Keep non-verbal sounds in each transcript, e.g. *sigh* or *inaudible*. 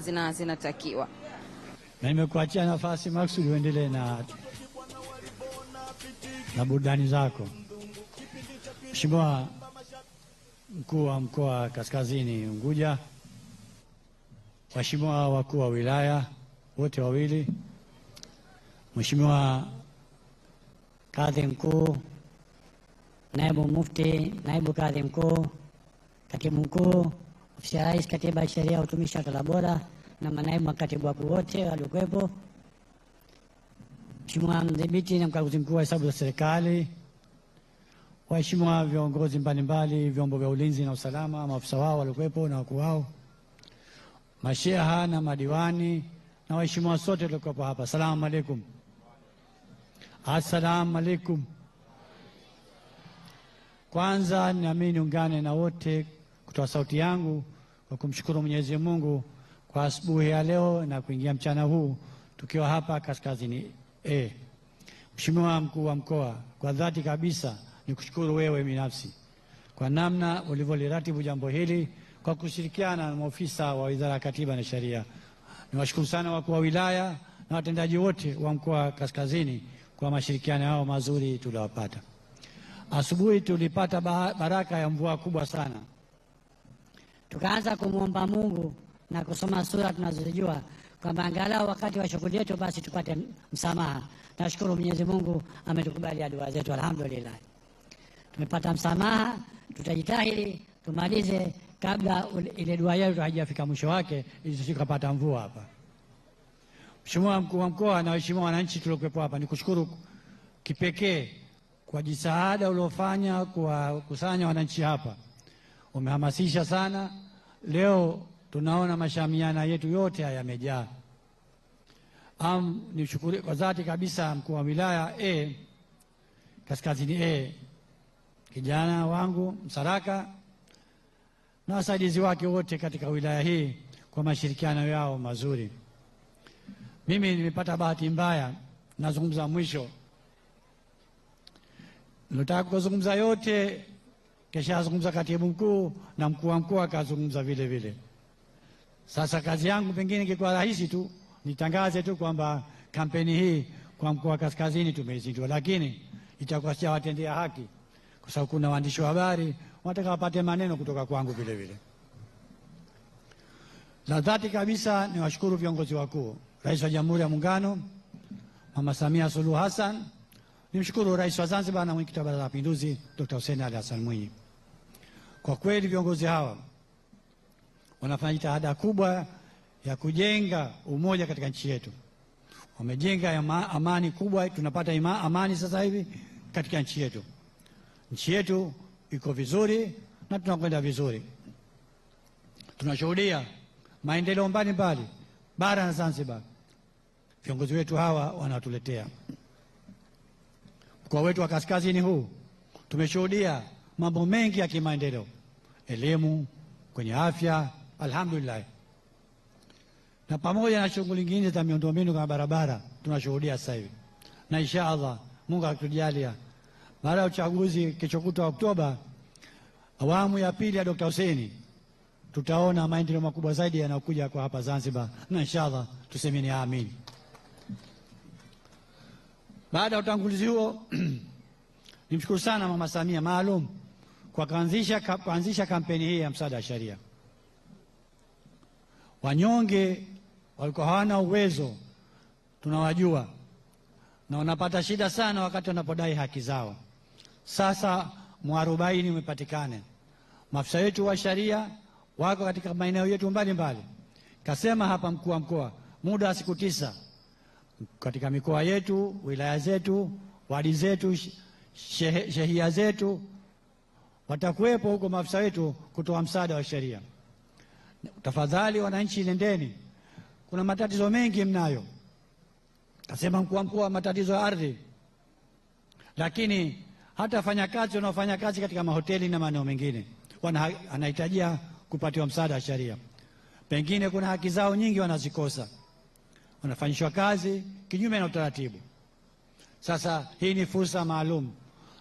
zina, zinatakiwa. Na nimekuachia nafasi maksudi uendelee na, na burudani zako. Mheshimiwa mkuu wa mkoa wa Kaskazini Unguja, waheshimiwa wakuu wa wilaya wote wawili, Mheshimiwa kadhi mkuu, naibu mufti, naibu kadhi mkuu, katibu mkuu ofisi ya Rais, katiba ya sheria ya utumishi wa utawala bora na manaibu makatibu wakuu wote waliokuwepo, Mheshimiwa mdhibiti na mkaguzi mkuu wa hesabu za serikali, waheshimiwa viongozi mbalimbali, vyombo vya ulinzi na usalama, maafisa wao waliokuwepo na wakuu wao, masheha na madiwani na waheshimiwa sote tuliokuwepo hapa, asalamu alaikum. Assalamu alaikum. Kwanza nami niungane na wote kutoa sauti yangu kwa kumshukuru Mwenyezi Mungu kwa asubuhi ya leo na kuingia mchana huu tukiwa hapa Kaskazini A. Mheshimiwa Mkuu wa Mkoa, kwa dhati kabisa nikushukuru wewe binafsi kwa namna ulivyoliratibu jambo hili kwa kushirikiana na maofisa wa Wizara ya Katiba na Sheria. Niwashukuru sana wakuu wa wilaya na watendaji wote wa mkoa wa Kaskazini kwa mashirikiano yao mazuri tuliyopata. Asubuhi tulipata baraka ya mvua kubwa sana tukaanza kumwomba Mungu na kusoma sura tunazojua kwamba angalau wakati wa shughuli yetu basi tupate msamaha. Nashukuru Mwenyezi Mungu ametukubalia dua zetu, alhamdulillah, tumepata msamaha. Tutajitahidi tumalize kabla ile dua yetu haijafika mwisho wake, ili tusikapata mvua hapa. Mheshimiwa Mkuu wa Mkoa na waheshimiwa wananchi tuliokuwepo hapa, nikushukuru kipekee kwa jisaada uliofanya kuwakusanya wananchi hapa umehamasisha sana. Leo tunaona mashamiana yetu yote haya yamejaa. Am nimshukuru kwa dhati kabisa mkuu wa wilaya e, Kaskazini e, kijana wangu Msaraka na wasaidizi wake wote katika wilaya hii kwa mashirikiano yao mazuri. Mimi nimepata bahati mbaya, nazungumza mwisho. Nataka kuzungumza yote Kesha azungumza katibu mkuu na mkuu wa mkoa akazungumza vile vile. Sasa kazi yangu pengine ingekuwa rahisi tu nitangaze tu kwamba kampeni hii kwa mkoa wa Kaskazini tumeizindua, lakini itakuwa watendea haki, kwa sababu kuna waandishi wa habari wanataka wapate maneno kutoka kwangu vile vile. La dhati kabisa ni washukuru viongozi wakuu, Rais wa Jamhuri ya Muungano Mama Samia Suluhu Hassan Nimshukuru Rais wa Zanzibar na mwenyekiti wa Baraza la Mapinduzi Dr. Hussein Ali Hassan Mwinyi. Kwa kweli viongozi hawa wanafanya jitihada kubwa ya kujenga umoja katika nchi yetu, wamejenga amani kubwa. Tunapata ima, amani sasa hivi katika nchi yetu. Nchi yetu iko vizuri na tunakwenda vizuri, tunashuhudia maendeleo mbalimbali bara na Zanzibar. Viongozi wetu hawa wanatuletea Mkoa wetu wa kaskazini huu tumeshuhudia mambo mengi ya kimaendeleo, elimu, kwenye afya, alhamdulillah, na pamoja na shughuli nyingine za miundombinu kama barabara tunashuhudia sasa hivi, na insha Allah Mungu akitujalia, baada ya uchaguzi kesho kutwa Oktoba, awamu ya pili ya Dr. Hussein tutaona maendeleo makubwa zaidi yanayokuja kwa hapa Zanzibar, na insha Allah tusemeni amini baada ya utangulizi huo *clears throat* nimshukuru sana Mama Samia maalum kwa kuanzisha kampeni hii ya msaada wa sheria. Wanyonge walikuwa hawana uwezo, tunawajua na wanapata shida sana wakati wanapodai haki zao. Sasa mwarobaini umepatikane Maafisa wetu wa sheria wako katika maeneo yetu mbalimbali. Kasema hapa mkuu wa mkoa, muda wa siku tisa katika mikoa yetu, wilaya zetu, wadi zetu, shehia zetu, watakuwepo huko maafisa wetu kutoa msaada wa sheria. Tafadhali wananchi, nendeni, kuna matatizo mengi mnayo, kasema mkuu wa mkoa, matatizo ya ardhi, lakini hata wafanyakazi wanaofanya kazi katika mahoteli na maeneo mengine wanahitajia kupatiwa msaada wa sheria. Pengine kuna haki zao nyingi wanazikosa wanafanyishwa kazi kinyume na utaratibu. Sasa hii ni fursa maalum,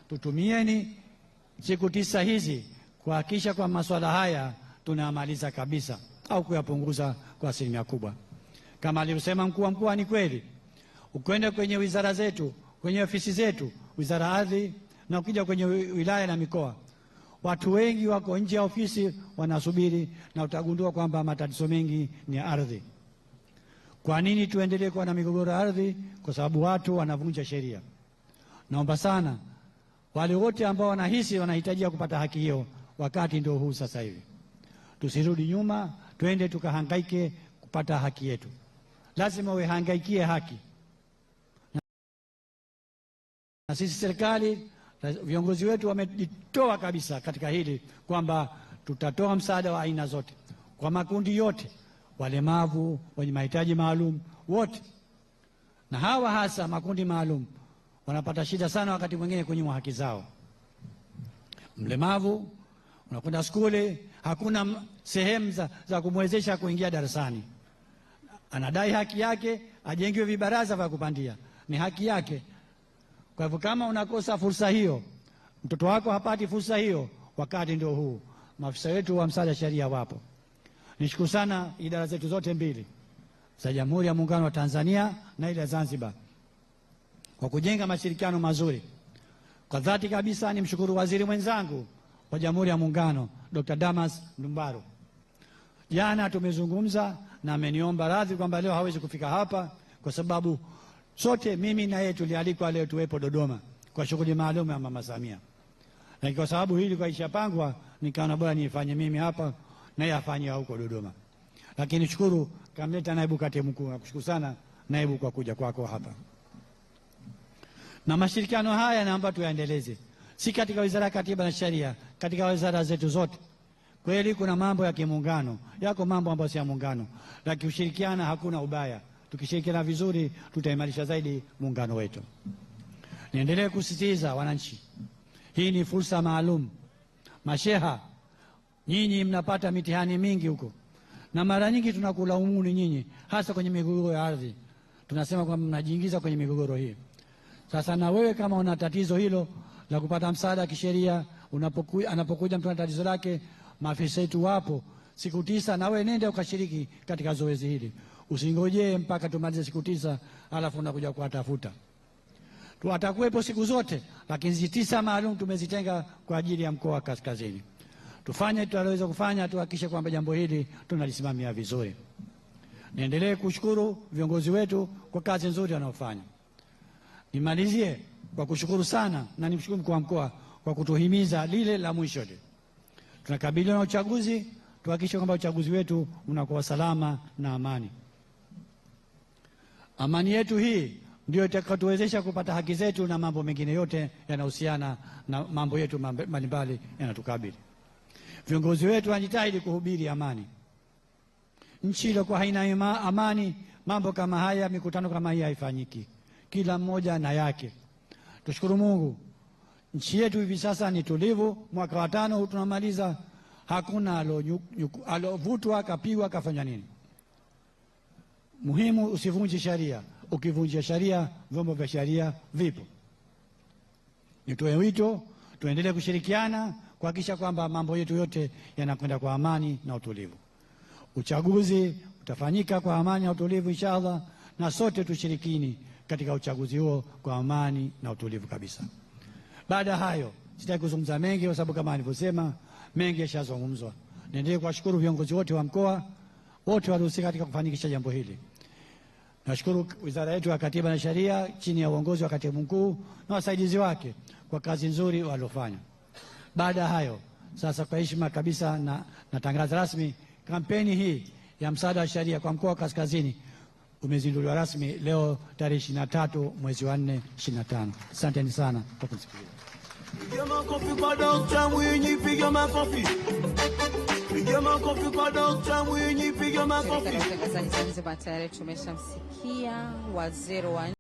tutumieni siku tisa hizi kuhakikisha kwa masuala haya tunayamaliza kabisa au kuyapunguza kwa asilimia kubwa. Kama alivyosema mkuu wa mkoa, ni kweli, ukwenda kwenye wizara zetu, kwenye ofisi zetu, wizara ardhi, na ukija kwenye wilaya na mikoa, watu wengi wako nje ya ofisi wanasubiri, na utagundua kwamba matatizo mengi ni ya ardhi. Kwa nini tuendelee kuwa na migogoro ya ardhi? Kwa sababu watu wanavunja sheria. Naomba sana wale wote ambao wanahisi wanahitajia kupata haki hiyo, wakati ndio huu sasa hivi. Tusirudi nyuma, twende tukahangaike kupata haki yetu. Lazima wehangaikie haki, na sisi serikali, viongozi wetu wamejitoa kabisa katika hili kwamba tutatoa msaada wa aina zote kwa makundi yote walemavu, wenye mahitaji maalum wote, na hawa hasa makundi maalum wanapata shida sana wakati mwingine kunyimwa haki zao. Mlemavu unakwenda skuli, hakuna sehemu za, za kumwezesha kuingia darasani. Anadai haki yake, ajengiwe vibaraza vya kupandia, ni haki yake. Kwa hivyo kama unakosa fursa hiyo, mtoto wako hapati fursa hiyo, wakati ndio huu. Maafisa wetu wa msaada sheria wapo. Nishukuru sana idara zetu zote mbili za Jamhuri ya Muungano wa Tanzania na ile ya Zanzibar kwa kujenga mashirikiano mazuri. Kwa dhati kabisa nimshukuru waziri mwenzangu wa Jamhuri ya Muungano Dr. Damas Ndumbaro. Jana tumezungumza na ameniomba radhi kwamba leo hawezi kufika hapa kwa sababu sote mimi na yeye tulialikwa leo tuwepo Dodoma kwa shughuli maalum ya Mama Samia, na kwa sababu hili kwa ishapangwa nikaona bora niifanye mimi hapa na afanywa huko Dodoma. Lakini shukuru kamleta naibu katibu mkuu, nakushukuru sana naibu kwa kuja kwako kwa hapa, na mashirikiano haya naomba tuyaendeleze, si katika wizara ya katiba na sheria, katika wizara zetu zote. Kweli kuna mambo ya kimuungano, yako mambo ambayo si ya muungano, lakini kushirikiana hakuna ubaya. Tukishirikiana vizuri, tutaimarisha zaidi muungano wetu. Niendelee kusisitiza wananchi, hii ni fursa maalum, masheha Nyinyi mnapata mitihani mingi huko, na mara nyingi tunakulaumuni nyinyi, hasa kwenye migogoro ya ardhi. Tunasema kwamba mnajiingiza kwenye migogoro hii. Sasa na wewe kama una tatizo hilo la kupata msaada wa kisheria, anapokuja mtu na tatizo lake, maafisa wetu wapo siku tisa, na wewe nenda ukashiriki katika zoezi hili. Usingojee mpaka tumalize siku tisa alafu unakuja kuwatafuta. Watakuwepo siku zote, lakini tisa maalum tumezitenga kwa ajili ya mkoa wa Kaskazini tufanye tutaloweza kufanya, tuhakikishe kwamba jambo hili tunalisimamia vizuri. Niendelee kushukuru viongozi wetu kwa kazi nzuri wanaofanya. Nimalizie kwa kushukuru sana na nimshukuru mkuu wa mkoa kwa kutuhimiza lile la mwisho. Tunakabiliwa na uchaguzi, tuhakikishe kwamba uchaguzi wetu unakuwa salama na amani. Amani yetu hii ndio itakayotuwezesha kupata haki zetu na mambo mengine yote yanahusiana na mambo yetu mbalimbali yanatukabili. Viongozi wetu wanajitahidi kuhubiri amani. Nchi ilikuwa haina ima, amani, mambo kama haya, mikutano kama hii haifanyiki, kila mmoja na yake. Tushukuru Mungu, nchi yetu hivi sasa ni tulivu. Mwaka wa tano tunamaliza, hakuna alovutwa akapigwa akafanya nini. Muhimu usivunje sheria, ukivunja sheria vyombo vya sheria vipo. Nitoe wito tuendelee kushirikiana kuhakikisha kwamba mambo yetu yote yanakwenda kwa amani na utulivu. Uchaguzi utafanyika kwa amani na utulivu inshallah, na sote tushirikini katika uchaguzi huo kwa amani na utulivu kabisa. Baada ya hayo, sitaki kuzungumza mengi kwa sababu kama alivyosema mengi yashazungumzwa. Niendelee kuwashukuru viongozi wote wa mkoa wote walihusika katika kufanikisha jambo hili. Nashukuru wizara yetu ya Katiba na Sheria chini ya uongozi wa katibu mkuu na wasaidizi wake kwa kazi nzuri waliofanya. Baada ya hayo sasa, kwa heshima kabisa na, natangaza rasmi kampeni hii ya msaada wa sheria kwa mkoa wa Kaskazini umezinduliwa rasmi leo tarehe 23 mwezi wa 4 25. Asanteni sana kwa kunisikiliza. Piga makofi kwa Mwinyi, piga makofi. Piga makofi kwa Mwinyi, piga makofi. Tayari tumeshamsikia waziri wa